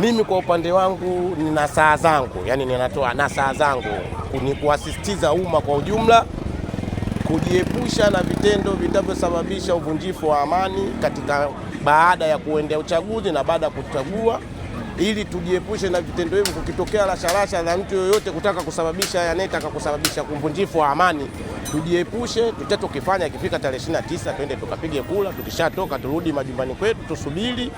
Mimi kwa upande wangu nina saa zangu, yani ninatoa na saa zangu ni kuasisitiza umma kwa ujumla kujiepusha na vitendo vitavyosababisha uvunjifu wa amani katika baada ya kuendea uchaguzi na baada ya kuchagua, ili tujiepushe na vitendo hivyo. Kukitokea rasharasha za mtu yoyote kutaka kusababisha yanayetaka kusababisha uvunjifu wa amani, tujiepushe. Tutakachokifanya ikifika tarehe 29 twende tukapige kula, tukishatoka turudi majumbani kwetu, tusubiri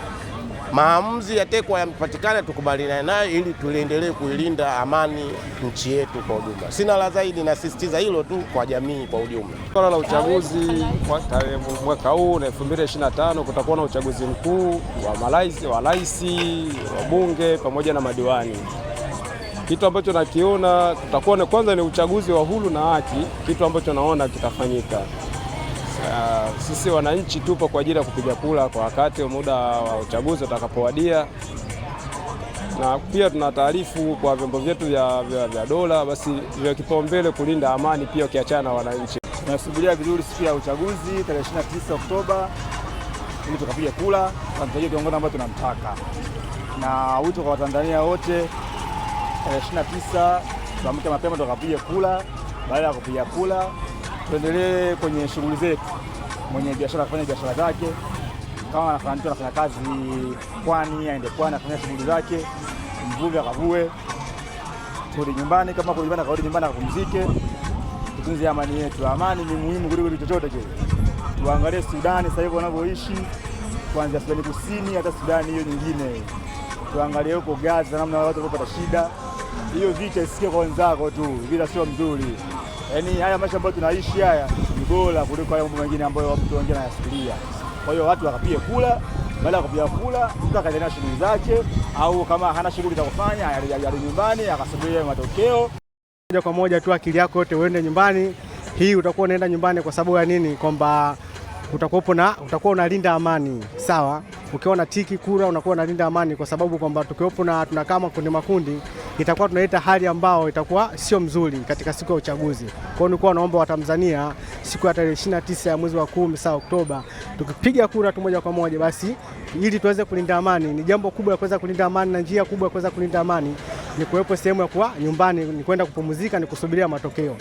maamuzi yatekwa yamepatikana, tukubaliana nayo ili tuliendelee kuilinda amani nchi yetu kwa ujumla. Sina la zaidi, nasisitiza hilo tu kwa jamii kwa ujumla. Swala la uchaguzi mwaka huu na 2025 kutakuwa na uchaguzi mkuu wa marais, wa rais, wa bunge pamoja na madiwani. Kitu ambacho nakiona na kwanza ni uchaguzi wa huru na haki, kitu ambacho naona kitafanyika. Uh, sisi wananchi tupo kwa ajili ya kupiga kura kwa wakati muda wa uchaguzi utakapowadia, na pia tuna taarifu kwa vyombo vyetu vya, vya, vya dola basi vya kipaumbele kulinda amani, pia ukiachana na wananchi. Tunasubiria vizuri siku ya uchaguzi tarehe 29 Oktoba ili tukapiga kura na tutajua kiongozi ambayo tunamtaka, na wito kwa Watanzania wote tarehe 29 tuamke mapema tukapige kura. Baada ya kupiga kura tuendelee kwenye shughuli zetu, mwenye biashara kufanya biashara zake, kama mtu anafanya kazi pwani aende pwani afanya shughuli zake, mvuvi akavue, kurudi nyumbani kama kurudi nyumbani, akarudi nyumbani akapumzike. Tutunze amani yetu, amani ni muhimu kuliko kitu chochote kile. Tuangalie Sudani sasa hivi wanavyoishi, kuanzia Sudani Kusini hata Sudani hiyo nyingine, tuangalie huko Gaza, namna watu wanapata shida. Hiyo vita isikie kwa wenzako tu, vita sio mzuri yaani haya maisha ambayo tunaishi haya ni bora kuliko haya mambo mengine ambayo mtu wengine anayafikiria. Kwa hiyo watu wakapige kula, baada ya kupiga kula mtu akaendelea shughuli zake, au kama hana shughuli za kufanya arudi nyumbani akasubiria matokeo moja kwa moja tu, akili yako yote uende nyumbani. Hii utakuwa unaenda nyumbani kwa sababu ya nini? Kwamba utakuwa na utakuwa unalinda amani, sawa. Ukiwa na tiki kura unakuwa unalinda amani, kwa sababu kwamba tukiwepo na tunakaa makundi makundi itakuwa tunaleta hali ambayo itakuwa sio mzuri katika siku ya uchaguzi. Kwa hiyo nilikuwa naomba Watanzania siku ya tarehe 29 ya mwezi wa kumi saa Oktoba, tukipiga kura tu moja kwa moja basi, ili tuweze kulinda amani. Ni jambo kubwa ya kuweza kulinda amani, na njia kubwa ya kuweza kulinda amani ni kuwepo sehemu ya kuwa nyumbani, ni kwenda kupumzika, ni kusubiria matokeo.